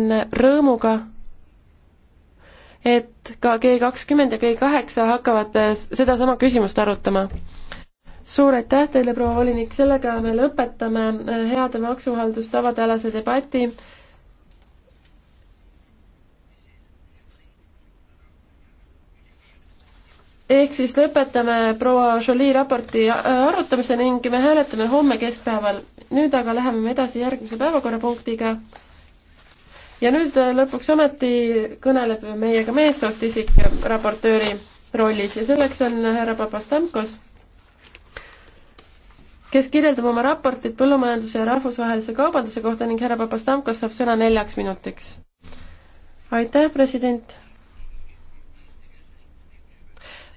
kuulen rõõmuga, et ka G kakskümmend ja G kaheksa hakkavad äh, sedasama küsimust arutama. suur aitäh teile, proua volinik, sellega me lõpetame äh, heade maksuhaldustavade alase debati ehk siis lõpetame proua Jolie raporti äh, arutamise ning me hääletame homme keskpäeval. nüüd aga läheme edasi järgmise päevakorrapunktiga ja nüüd äh, lõpuks ometi kõneleb meiega meessoost isik raportööri rollis ja selleks on härra Papastamkos, kes kirjeldab oma raportit põllumajanduse ja rahvusvahelise kaubanduse kohta ning härra Papastamkos saab sõna neljaks minutiks. aitäh, president!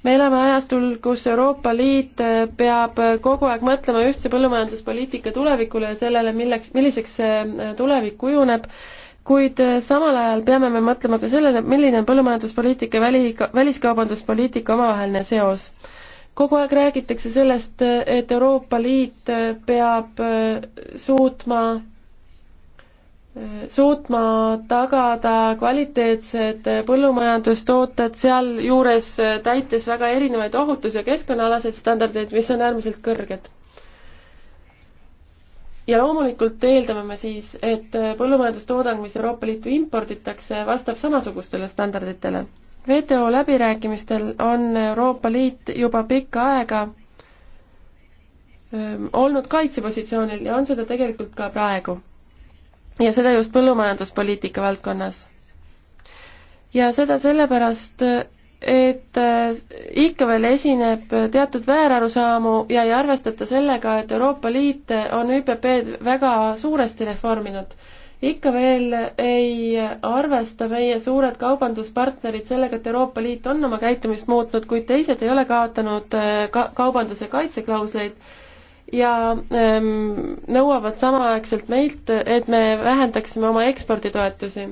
me elame ajastul, kus Euroopa Liit äh, peab kogu aeg mõtlema ühtse põllumajanduspoliitika tulevikule ja sellele, milleks, milliseks see äh, tulevik kujuneb kuid äh, samal ajal peame me mõtlema ka sellele, milline on põllumajanduspoliitika ja väli, väliskaubanduspoliitika omavaheline seos. kogu aeg räägitakse sellest, äh, et Euroopa Liit äh, peab suutma, suutma tagada kvaliteetsed põllumajandustooted, sealjuures täites väga erinevaid ohutus- ja keskkonnaalaseid standardeid, mis on äärmiselt kõrged ja loomulikult eeldame me siis, et põllumajandustoodang, mis Euroopa Liitu imporditakse, vastab samasugustele standarditele. WTO läbirääkimistel on Euroopa Liit juba pikka aega ähm, olnud kaitsepositsioonil ja on seda tegelikult ka praegu. ja seda just põllumajanduspoliitika valdkonnas. ja seda sellepärast, et äh, ikka veel esineb teatud väärarusaamu ja ei arvestata sellega, et Euroopa Liit on ÜPP-d väga suuresti reforminud. ikka veel ei arvesta meie suured kaubanduspartnerid sellega, et Euroopa Liit on oma käitumist muutnud, kuid teised ei ole kaotanud äh, ka kaubanduse kaitseklausleid ja ähm, nõuavad samaaegselt meilt, et me vähendaksime oma eksporditoetusi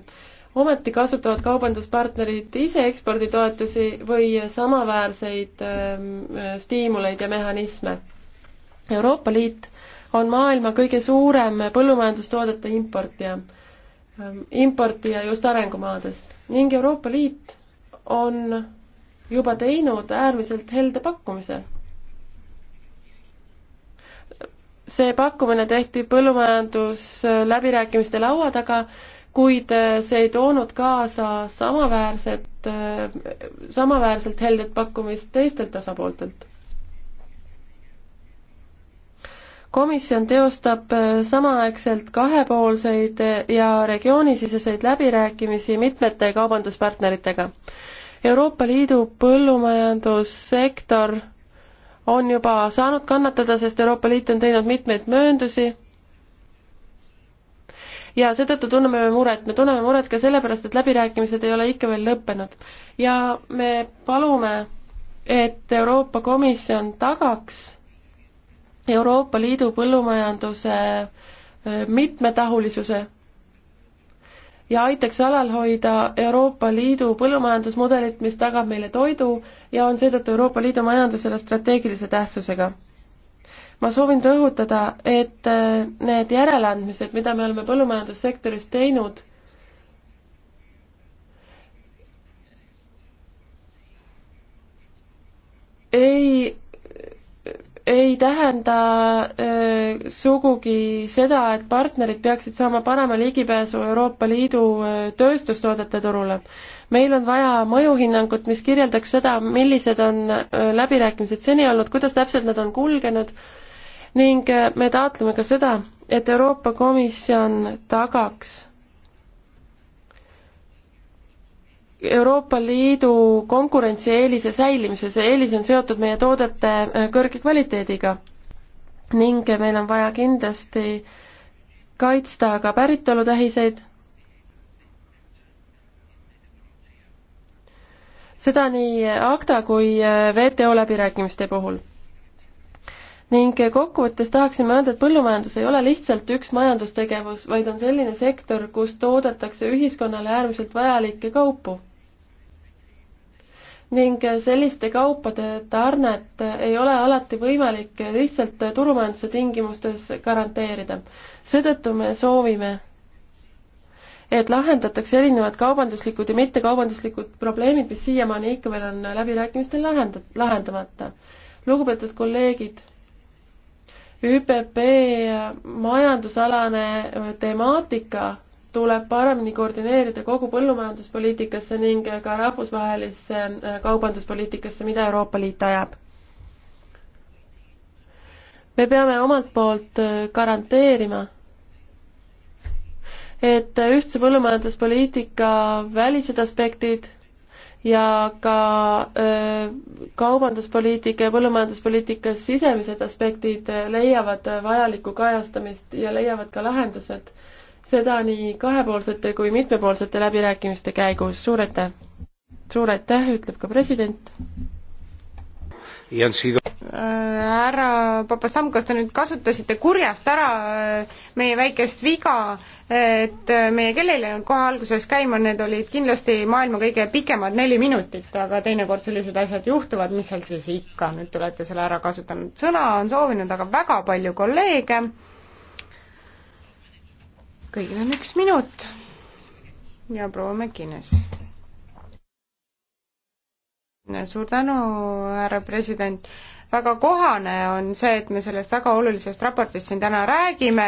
ometi kasutavad kaubanduspartnerid ise eksporditoetusi või samaväärseid ähm, äh, stiimuleid ja mehhanisme. Euroopa Liit on maailma kõige suurem põllumajandustoodete importija, ähm, importija just arengumaadest ning Euroopa Liit on juba teinud äärmiselt helde pakkumise. see pakkumine tehti põllumajandusläbirääkimiste laua taga kuid äh, see ei toonud kaasa samaväärset, äh, samaväärselt heldet pakkumist teistelt osapooltelt. komisjon teostab äh, samaaegselt kahepoolseid ja regioonisiseseid läbirääkimisi mitmete kaubanduspartneritega. Euroopa Liidu põllumajandussektor on juba saanud kannatada, sest Euroopa Liit on teinud mitmeid mööndusi ja seetõttu tunneme me muret, me tunneme muret ka sellepärast, et läbirääkimised ei ole ikka veel lõppenud. ja me palume, et Euroopa Komisjon tagaks Euroopa Liidu põllumajanduse äh, mitmetahulisuse ja aitaks alal hoida Euroopa Liidu põllumajandusmudelit, mis tagab meile toidu ja on seetõttu Euroopa Liidu majandusele strateegilise tähtsusega ma soovin rõhutada, et äh, need järeleandmised, mida me oleme põllumajandussektoris teinud, ei, ei tähenda äh, sugugi seda, et partnerid peaksid saama parema ligipääsu Euroopa Liidu äh, tööstustoodete turule. meil on vaja mõjuhinnangut, mis kirjeldaks seda, millised on äh, läbirääkimised seni olnud, kuidas täpselt nad on kulgenud äh, ning äh, me taotleme ka seda, et Euroopa Komisjon tagaks Euroopa Liidu konkurentsieelise säilimise, see eelis on seotud meie toodete äh, kõrge kvaliteediga ning äh, meil on vaja kindlasti kaitsta ka päritolutähiseid, seda nii ACTA kui WTO läbirääkimiste puhul ning kokkuvõttes tahaksime öelda, et põllumajandus ei ole lihtsalt üks majandustegevus, vaid on selline sektor, kus toodetakse ühiskonnale äärmiselt vajalikke kaupu. ning selliste kaupade tarnet ei ole alati võimalik lihtsalt turumajanduse tingimustes garanteerida. seetõttu me soovime, et lahendatakse erinevad kaubanduslikud ja mittekaubanduslikud probleemid, mis siiamaani ikka veel on läbirääkimistel lahendat-, lahendamata. lugupeetud kolleegid ÜPP majandusalane temaatika tuleb paremini koordineerida kogu põllumajanduspoliitikasse ning ka rahvusvahelisse äh, kaubanduspoliitikasse, mida Euroopa Liit ajab. me peame omalt poolt äh, garanteerima, et ühtse põllumajanduspoliitika välised aspektid ja ka kaubanduspoliitika ja põllumajanduspoliitika sisemised aspektid leiavad vajalikku kajastamist ja leiavad ka lahendused. seda nii kahepoolsete kui mitmepoolsete läbirääkimiste käigus. suur aitäh! suur aitäh, ütleb ka president. Äh, härra Papastamkos, te nüüd kasutasite kurjast ära äh, meie väikest viga et meie kellele kohe alguses käima, need olid kindlasti maailma kõige pikemad neli minutit, aga teinekord sellised asjad juhtuvad, mis seal siis ikka, nüüd te olete selle ära kasutanud. sõna on soovinud aga väga palju kolleege. kõigil on üks minut ja proua Mäkines. suur tänu, härra president väga kohane on see, et me sellest väga olulisest raportist siin täna räägime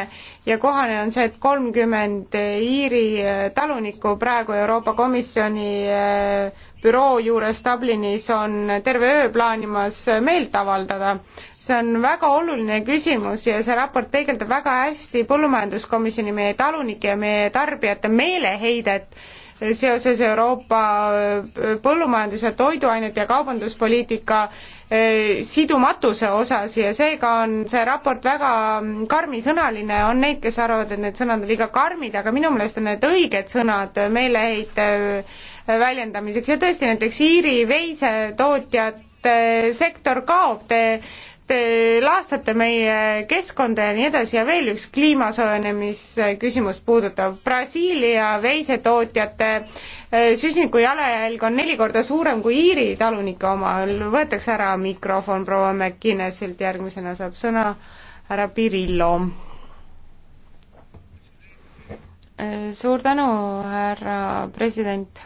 ja kohane on see, et kolmkümmend Iiri äh, talunikku praegu Euroopa Komisjoni äh, büroo juures Dublinis on terve öö plaanimas äh, meelt avaldada see on väga oluline küsimus ja see raport peegeldab väga hästi põllumajanduskomisjoni, meie talunike ja meie tarbijate meeleheidet seoses Euroopa äh, põllumajandus- ja toiduainete ja kaubanduspoliitika äh, sidumatuse osas ja seega on see raport väga mm, karmisõnaline, on neid, kes arvavad, et need sõnad on liiga karmid, aga minu meelest on need õiged sõnad meeleheite äh, väljendamiseks ja tõesti näiteks Iiri veisetootjad sektor kaob, te te laastate meie keskkonda ja nii edasi ja veel üks kliima soojenemise küsimus puudutab Brasiilia veisetootjate eh, süsiniku jalajälg on neli korda suurem kui Iiri talunike oma. võetakse ära mikrofon proua McInnesilt, järgmisena saab sõna härra Pirillo. Eh, suur tänu, härra president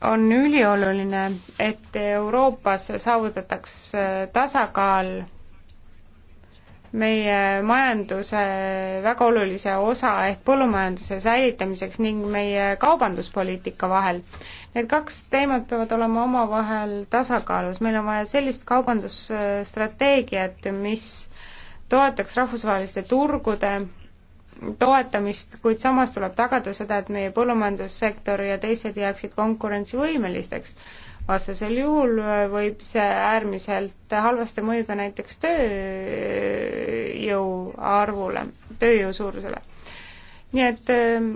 on ülioluline, et Euroopas saavutataks äh, tasakaal meie majanduse väga olulise osa ehk põllumajanduse säilitamiseks ning meie kaubanduspoliitika vahel. Need kaks teemat peavad olema omavahel tasakaalus, meil on vaja sellist kaubandusstrateegiat, mis toetaks rahvusvaheliste turgude toetamist, kuid samas tuleb tagada seda, et meie põllumajandussektor ja teised jääksid konkurentsivõimelisteks. vastasel juhul võib see äärmiselt halvasti mõjuda näiteks tööjõu arvule, tööjõu suurusele. nii et ähm,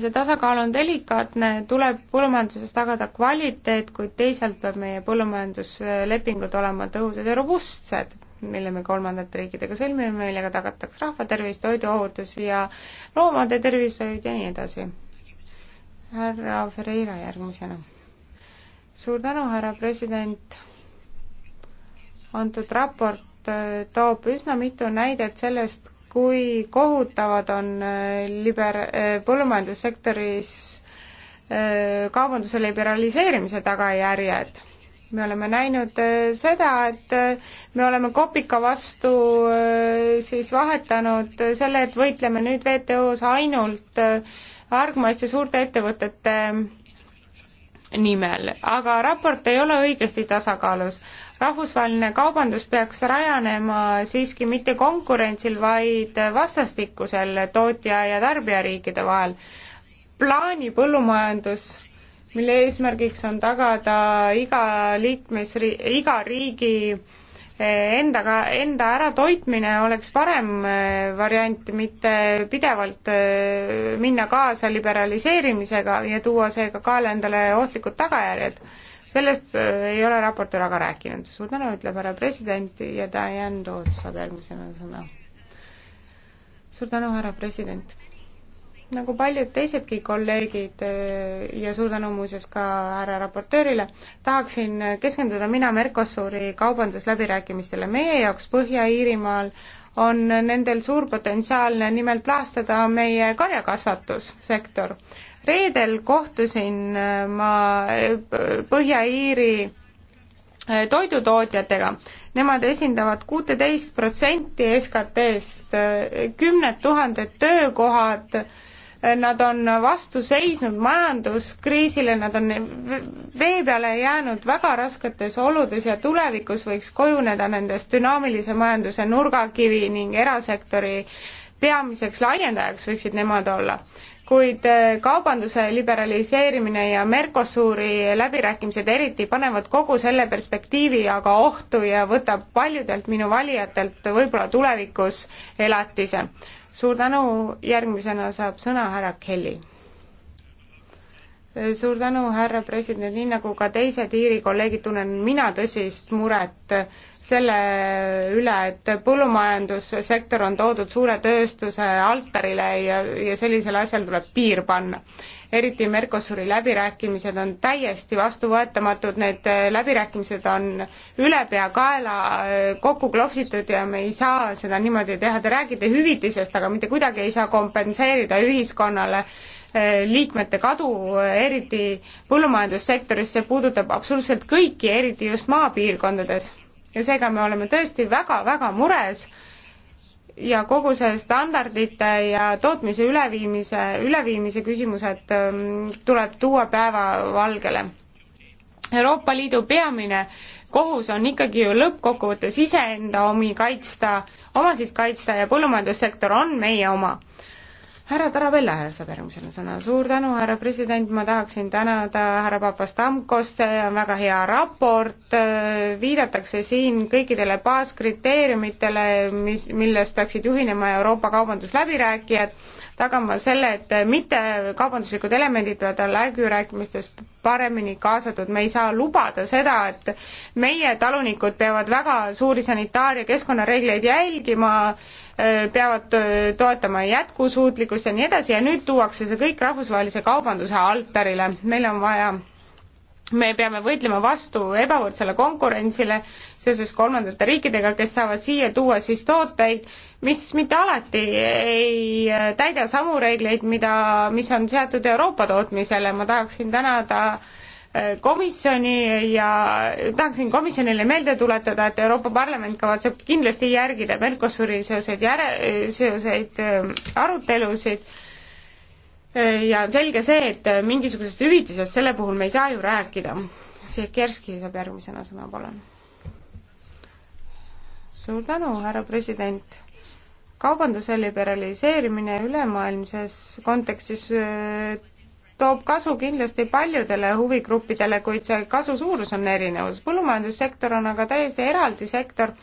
see tasakaal on delikaatne, tuleb põllumajanduses tagada kvaliteet, kuid teisalt peab meie põllumajanduslepingud olema tõhusad ja robustsed mille me kolmandate riikidega sõlmime, millega tagatakse rahva tervis, toiduohutus ja loomade tervishoid ja nii edasi. härra Ferreira järgmisena. suur tänu, härra president. antud raport äh, toob üsna mitu näidet sellest, kui kohutavad on äh, liber-, äh, põllumajandussektoris kaubanduse liberaliseerimise tagajärjed me oleme näinud äh, seda, et äh, me oleme kopika vastu äh, siis vahetanud selle, et võitleme nüüd WTO-s ainult argmaiste suurte ettevõtete nimel, aga raport ei ole õigesti tasakaalus. rahvusvaheline kaubandus peaks rajanema siiski mitte konkurentsil, vaid vastastikusel tootja ja tarbijariikide vahel. plaani põllumajandus mille eesmärgiks on tagada iga liikmesri-, iga riigi eh, endaga, enda äratoitmine oleks parem eh, variant, mitte pidevalt eh, minna kaasa liberaliseerimisega ja tuua seega kaela endale ohtlikud tagajärjed. sellest ei ole raportöör aga rääkinud. suur tänu, ütleb härra president ja Diane Toots saab järgmisena sõna. suur tänu, härra president nagu paljud teisedki kolleegid eh, ja suur tänu muuseas ka härra raportöörile, tahaksin keskenduda mina Mercosuri kaubandusläbirääkimistele. meie jaoks Põhja-Iirimaal on nendel suur potentsiaal nimelt laastada meie karjakasvatussektor. reedel kohtusin eh, ma eh, Põhja-Iiri toidutootjatega. Nemad esindavad kuuteteist protsenti SKT-st, kümned tuhanded töökohad nad on vastu seisnud majanduskriisile, nad on vee peale jäänud väga rasketes oludes ja tulevikus võiks kujuneda nendest dünaamilise majanduse nurgakivi ning erasektori peamiseks laiendajaks võiksid nemad olla. kuid eh, kaubanduse liberaliseerimine ja Mercosuri läbirääkimised eriti panevad kogu selle perspektiivi aga ohtu ja võtab paljudelt minu valijatelt võib-olla tulevikus elatise suur tänu, järgmisena saab sõna härra Kelly suur tänu, härra president, nii nagu ka teised Iiri kolleegid, tunnen mina tõsist muret selle üle, et põllumajandussektor on toodud suure tööstuse altarile ja, ja sellisel asjal tuleb piir panna. eriti Mercosuri läbirääkimised on täiesti vastuvõetamatud, need äh, läbirääkimised on ülepeakaela äh, kokku klopsitud ja me ei saa seda niimoodi teha, te räägite hüvitisest, aga mitte kuidagi ei saa kompenseerida ühiskonnale äh, liikmete kadu, eriti põllumajandussektoris, see puudutab absoluutselt kõiki, eriti just maapiirkondades. ja seega me oleme tõesti väga-väga mures ja kogu see standardite ja tootmise üleviimise, üleviimise küsimused ähm, tuleb tuua päevavalgele. Euroopa Liidu peamine kohus on ikkagi ju lõppkokkuvõttes iseenda omi kaitsta, omasid kaitsta ja põllumajandussektor on meie oma härra Tarabella, härra sõber, mis on sõna, suur tänu, härra president, ma tahaksin tänada härra Papastamkost, see on väga hea raport, viidatakse siin kõikidele baaskriteeriumitele, mis, millest peaksid juhinema Euroopa kaubandusläbirääkijad tagama selle, et mitte kaubanduslikud elemendid peavad olla läbirääkimistes paremini kaasatud, me ei saa lubada seda, et meie talunikud peavad väga suuri sanitaar- ja keskkonnareegleid jälgima, peavad toetama jätkusuutlikkust ja nii edasi ja nüüd tuuakse see kõik rahvusvahelise kaubanduse altarile, meil on vaja me peame võitlema vastu ebavõrdsele konkurentsile seoses kolmandate riikidega, kes saavad siia tuua siis tooteid, mis mitte alati ei täida samu reegleid, mida, mis on seatud Euroopa tootmisele, ma tahaksin tänada äh, komisjoni ja tahaksin komisjonile meelde tuletada, et Euroopa Parlament kavatseb kindlasti järgida Mercosuri seoseid järe, seoseid äh, arutelusid ja on selge see, et mingisugusest hüvitisest selle puhul me ei saa ju rääkida. Sikerski saab järgmisena sõna, palun. suur tänu, härra president kaubanduse liberaliseerimine ülemaailmses kontekstis äh, toob kasu kindlasti paljudele huvigruppidele, kuid see kasu suurus on erinevus. põllumajandussektor on aga täiesti eraldi sektor,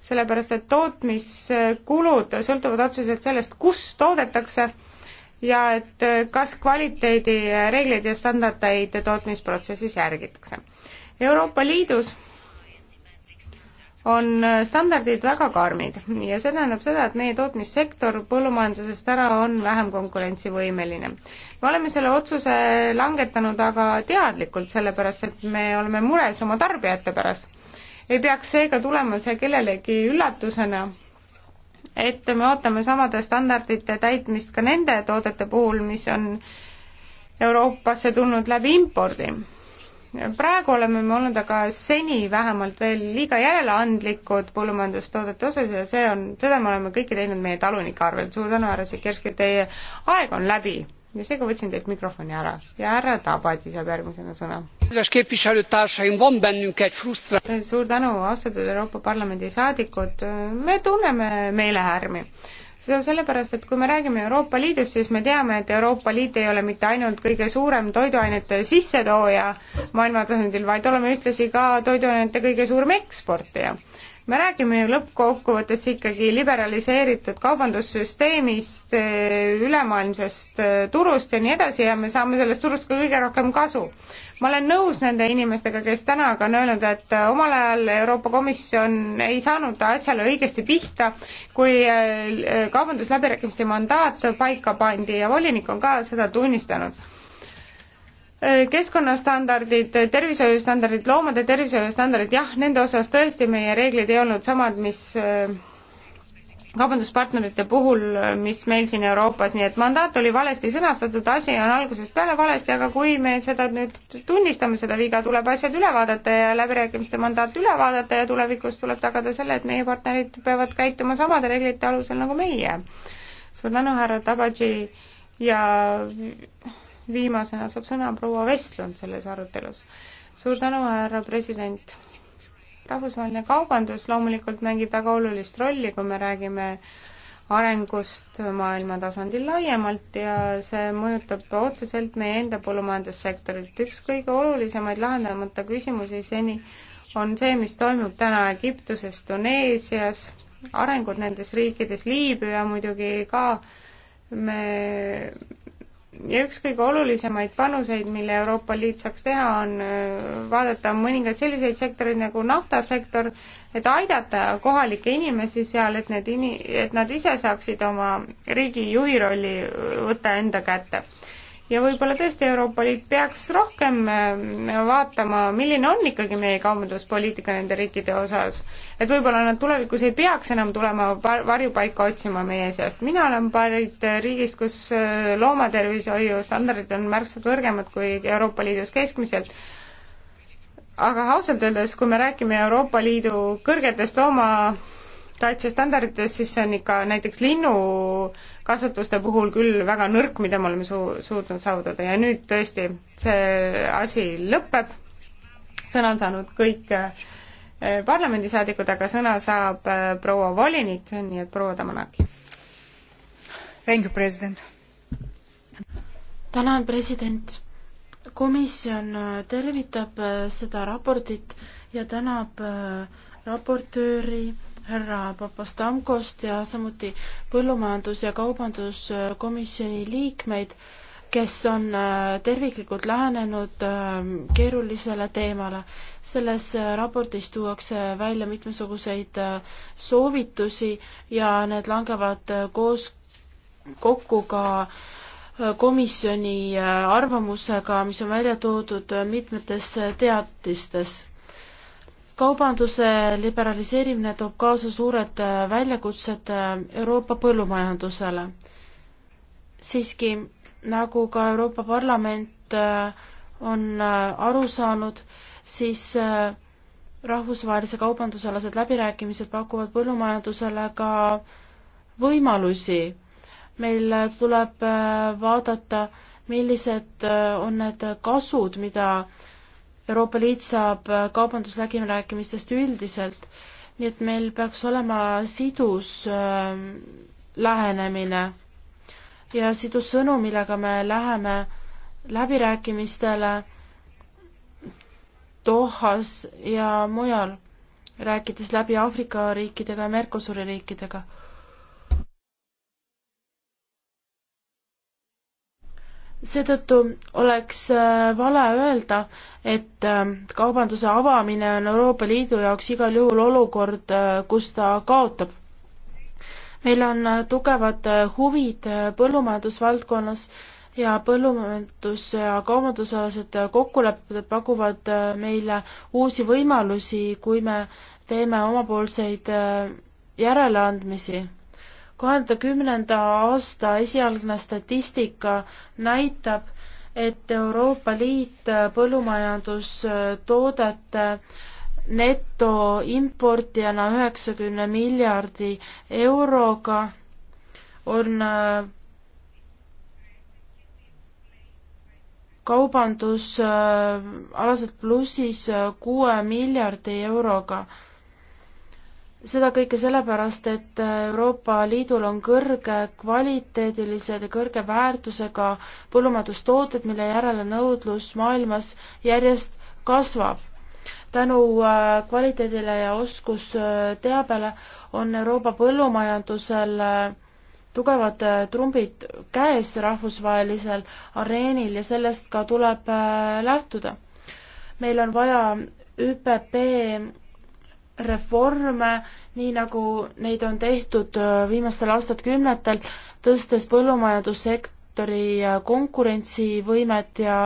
sellepärast et tootmiskulud sõltuvad otseselt sellest, kus toodetakse ja et äh, kas kvaliteedireegleid ja standardeid tootmisprotsessis järgitakse. Euroopa Liidus on äh, standardid väga karmid ja see tähendab seda, et meie tootmissektor põllumajandusest ära on vähem konkurentsivõimeline. me oleme selle otsuse langetanud aga teadlikult, sellepärast et me oleme mures oma tarbijate pärast. ei peaks seega tulema see kellelegi üllatusena et me ootame samade standardite täitmist ka nende toodete puhul, mis on Euroopasse tulnud läbi impordi. praegu oleme me olnud aga seni vähemalt veel liiga järeleandlikud põllumajandustoodete osas ja see on, seda me oleme kõike teinud meie talunike arvel. suur tänu, härra Sikerski, teie aeg on läbi ja seega võtsin teilt mikrofoni ära ja härra Tabadi saab järgmisena sõna kedves képviselőtársaim, van bennünk egy frusztráció. suur tänu, austatud Euroopa Parlamendi saadikud, me tunneme meelehärmi seda sellepärast, et kui me räägime Euroopa Liidust, siis me teame, et Euroopa Liit ei ole mitte ainult kõige suurem toiduainete sissetooja maailma tasandil, vaid oleme ühtlasi ka toiduainete kõige suurem eksportija me räägime ju lõppkokkuvõttes ikkagi liberaliseeritud kaubandussüsteemist, ülemaailmsest äh, turust ja nii edasi ja me saame sellest turust ka kõige rohkem kasu. ma olen nõus nende inimestega, kes täna aga on öelnud, et äh, omal ajal Euroopa Komisjon ei saanud asjale õigesti pihta, kui äh, kaubandusläbirääkimiste mandaat paika pandi ja volinik on ka seda tunnistanud Äh, keskkonnastandardid, äh, tervishoiustandardid, loomade tervishoiustandardid, jah, nende osas tõesti meie reeglid ei olnud samad, mis äh, kaubanduspartnerite puhul, mis meil siin Euroopas, nii et mandaat oli valesti sõnastatud, asi on algusest peale valesti, aga kui me seda nüüd tunnistame, seda viga, tuleb asjad üle vaadata ja läbirääkimiste mandaat üle vaadata ja tulevikus tuleb tagada selle, et meie partnerid peavad käituma samade reeglite alusel nagu meie. suur tänu, härra Tabadži ja viimasena saab sõna proua Vestlund selles arutelus. suur tänu, härra president! rahvusvaheline kaubandus loomulikult mängib väga olulist rolli, kui me räägime arengust maailma tasandil laiemalt ja see mõjutab otseselt meie enda põllumajandussektorit. üks kõige olulisemaid lahendamata küsimusi seni on see, mis toimub täna Egiptuses, Tuneesias, arengud nendes riikides, Liibüa muidugi ka, me ja üks kõige olulisemaid panuseid, mille Euroopa Liit saaks teha, on äh, vaadata mõningaid selliseid sektoreid nagu naftasektor, et aidata kohalikke inimesi seal, et need ini-, et nad ise saaksid oma riigi juhi rolli võtta enda kätte ja võib-olla tõesti Euroopa Liit peaks rohkem äh, vaatama, milline on ikkagi meie kaubanduspoliitika nende riikide osas. et võib-olla nad tulevikus ei peaks enam tulema varjupaika otsima meie seast. mina olen pärit äh, riigist, kus äh, loomatervishoiu standardid on märksa kõrgemad kui Euroopa Liidus keskmiselt aga ausalt öeldes, kui me räägime Euroopa Liidu kõrgetest looma kaitsestandarditest, siis see on ikka näiteks linnukasvatuste puhul küll väga nõrk, mida me oleme su-, suutnud saavutada ja nüüd tõesti see asi lõpeb, sõna on saanud kõik eh, parlamendisaadikud, aga sõna saab eh, proua volinik, nii et proua Tamanaki. Thank you, president. tänan, president. komisjon eh, tervitab seda raportit ja tänab raportööri härra Papastamkost ja samuti Põllumajandus- ja Kaubanduskomisjoni liikmeid, kes on äh, terviklikult lähenenud äh, keerulisele teemale. selles äh, raportis tuuakse välja mitmesuguseid soovitusi ja need langevad koos, kokku ka komisjoni arvamusega, mis on välja toodud mitmetes teatistes kaubanduse liberaliseerimine toob kaasa suured äh, väljakutsed äh, Euroopa põllumajandusele. siiski, nagu ka Euroopa Parlament äh, on aru saanud, siis rahvusvahelise kaubandusalased läbirääkimised pakuvad põllumajandusele ka võimalusi. meil tuleb vaadata, millised on need kasud, mida äh, Euroopa Liit saab kaubandusläbirääkimistest üldiselt, nii et meil peaks olema sidus ähm, lähenemine ja sidus sõnum, millega me läheme läbirääkimistele Dohas ja mujal, rääkides läbi Aafrika riikidega ja Mercosuri riikidega seetõttu oleks äh, vale öelda, et äh, kaubanduse avamine on Euroopa Liidu jaoks igal juhul olukord, äh, kus ta kaotab. meil on tugevad huvid põllumajandusvaldkonnas ja põllumajandus- ja kaubandusalased kokkulepped pakuvad meile uusi võimalusi, kui me teeme omapoolseid järeleandmisi kahekümne kümnenda aasta esialgne statistika näitab, et Euroopa Liit põllumajandustoodete netoimportijana üheksakümne miljardi euroga on äh, kaubandusalaselt äh, plussis äh, kuue miljardi euroga seda kõike sellepärast, et Euroopa Liidul on kõrge kvaliteedilised ja kõrge väärtusega põllumajandustooted, mille järele nõudlus maailmas järjest kasvab. tänu äh, kvaliteedile ja oskusteabele on Euroopa põllumajandusel äh, tugevad äh, trumbid käes rahvusvahelisel areenil ja sellest ka tuleb lähtuda. meil on vaja ÜPP reforme, nii nagu neid on tehtud äh, viimastel aastakümnetel, tõstes põllumajandussektori äh, konkurentsivõimet ja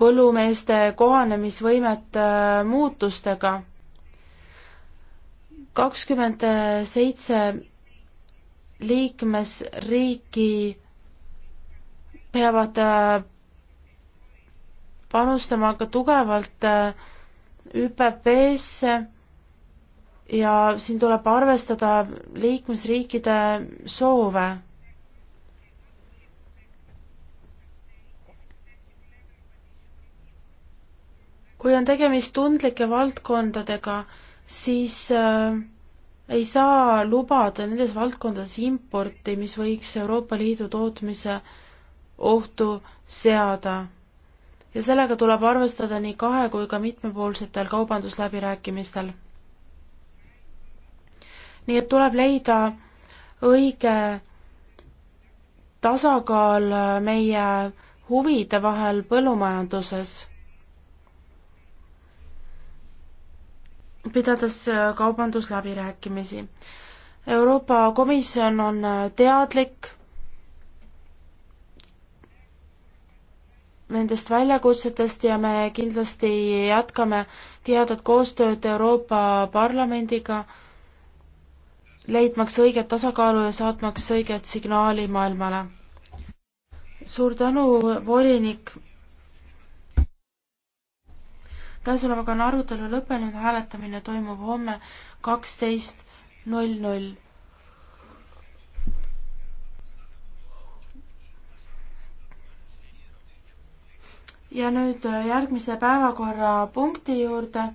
põllumeeste kohanemisvõimet äh, muutustega. kakskümmend seitse liikmesriiki peavad panustama ka tugevalt äh, ÜPP-sse ja siin tuleb arvestada liikmesriikide soove. kui on tegemist tundlike valdkondadega, siis äh, ei saa lubada nendes valdkondades importi, mis võiks Euroopa Liidu tootmise ohtu seada ja sellega tuleb arvestada nii kahe kui ka mitmepoolsetel kaubandusläbirääkimistel. nii et tuleb leida õige tasakaal meie huvide vahel põllumajanduses. pidades kaubandusläbirääkimisi. Euroopa Komisjon on teadlik nendest väljakutsetest ja me kindlasti jätkame tihedat koostööd Euroopa Parlamendiga, leidmaks õiget tasakaalu ja saatmaks õiget signaali maailmale. suur tänu, volinik! käesolevaga on arutelu lõppenud, hääletamine toimub homme kaksteist null null. ja nüüd järgmise päevakorrapunkti juurde.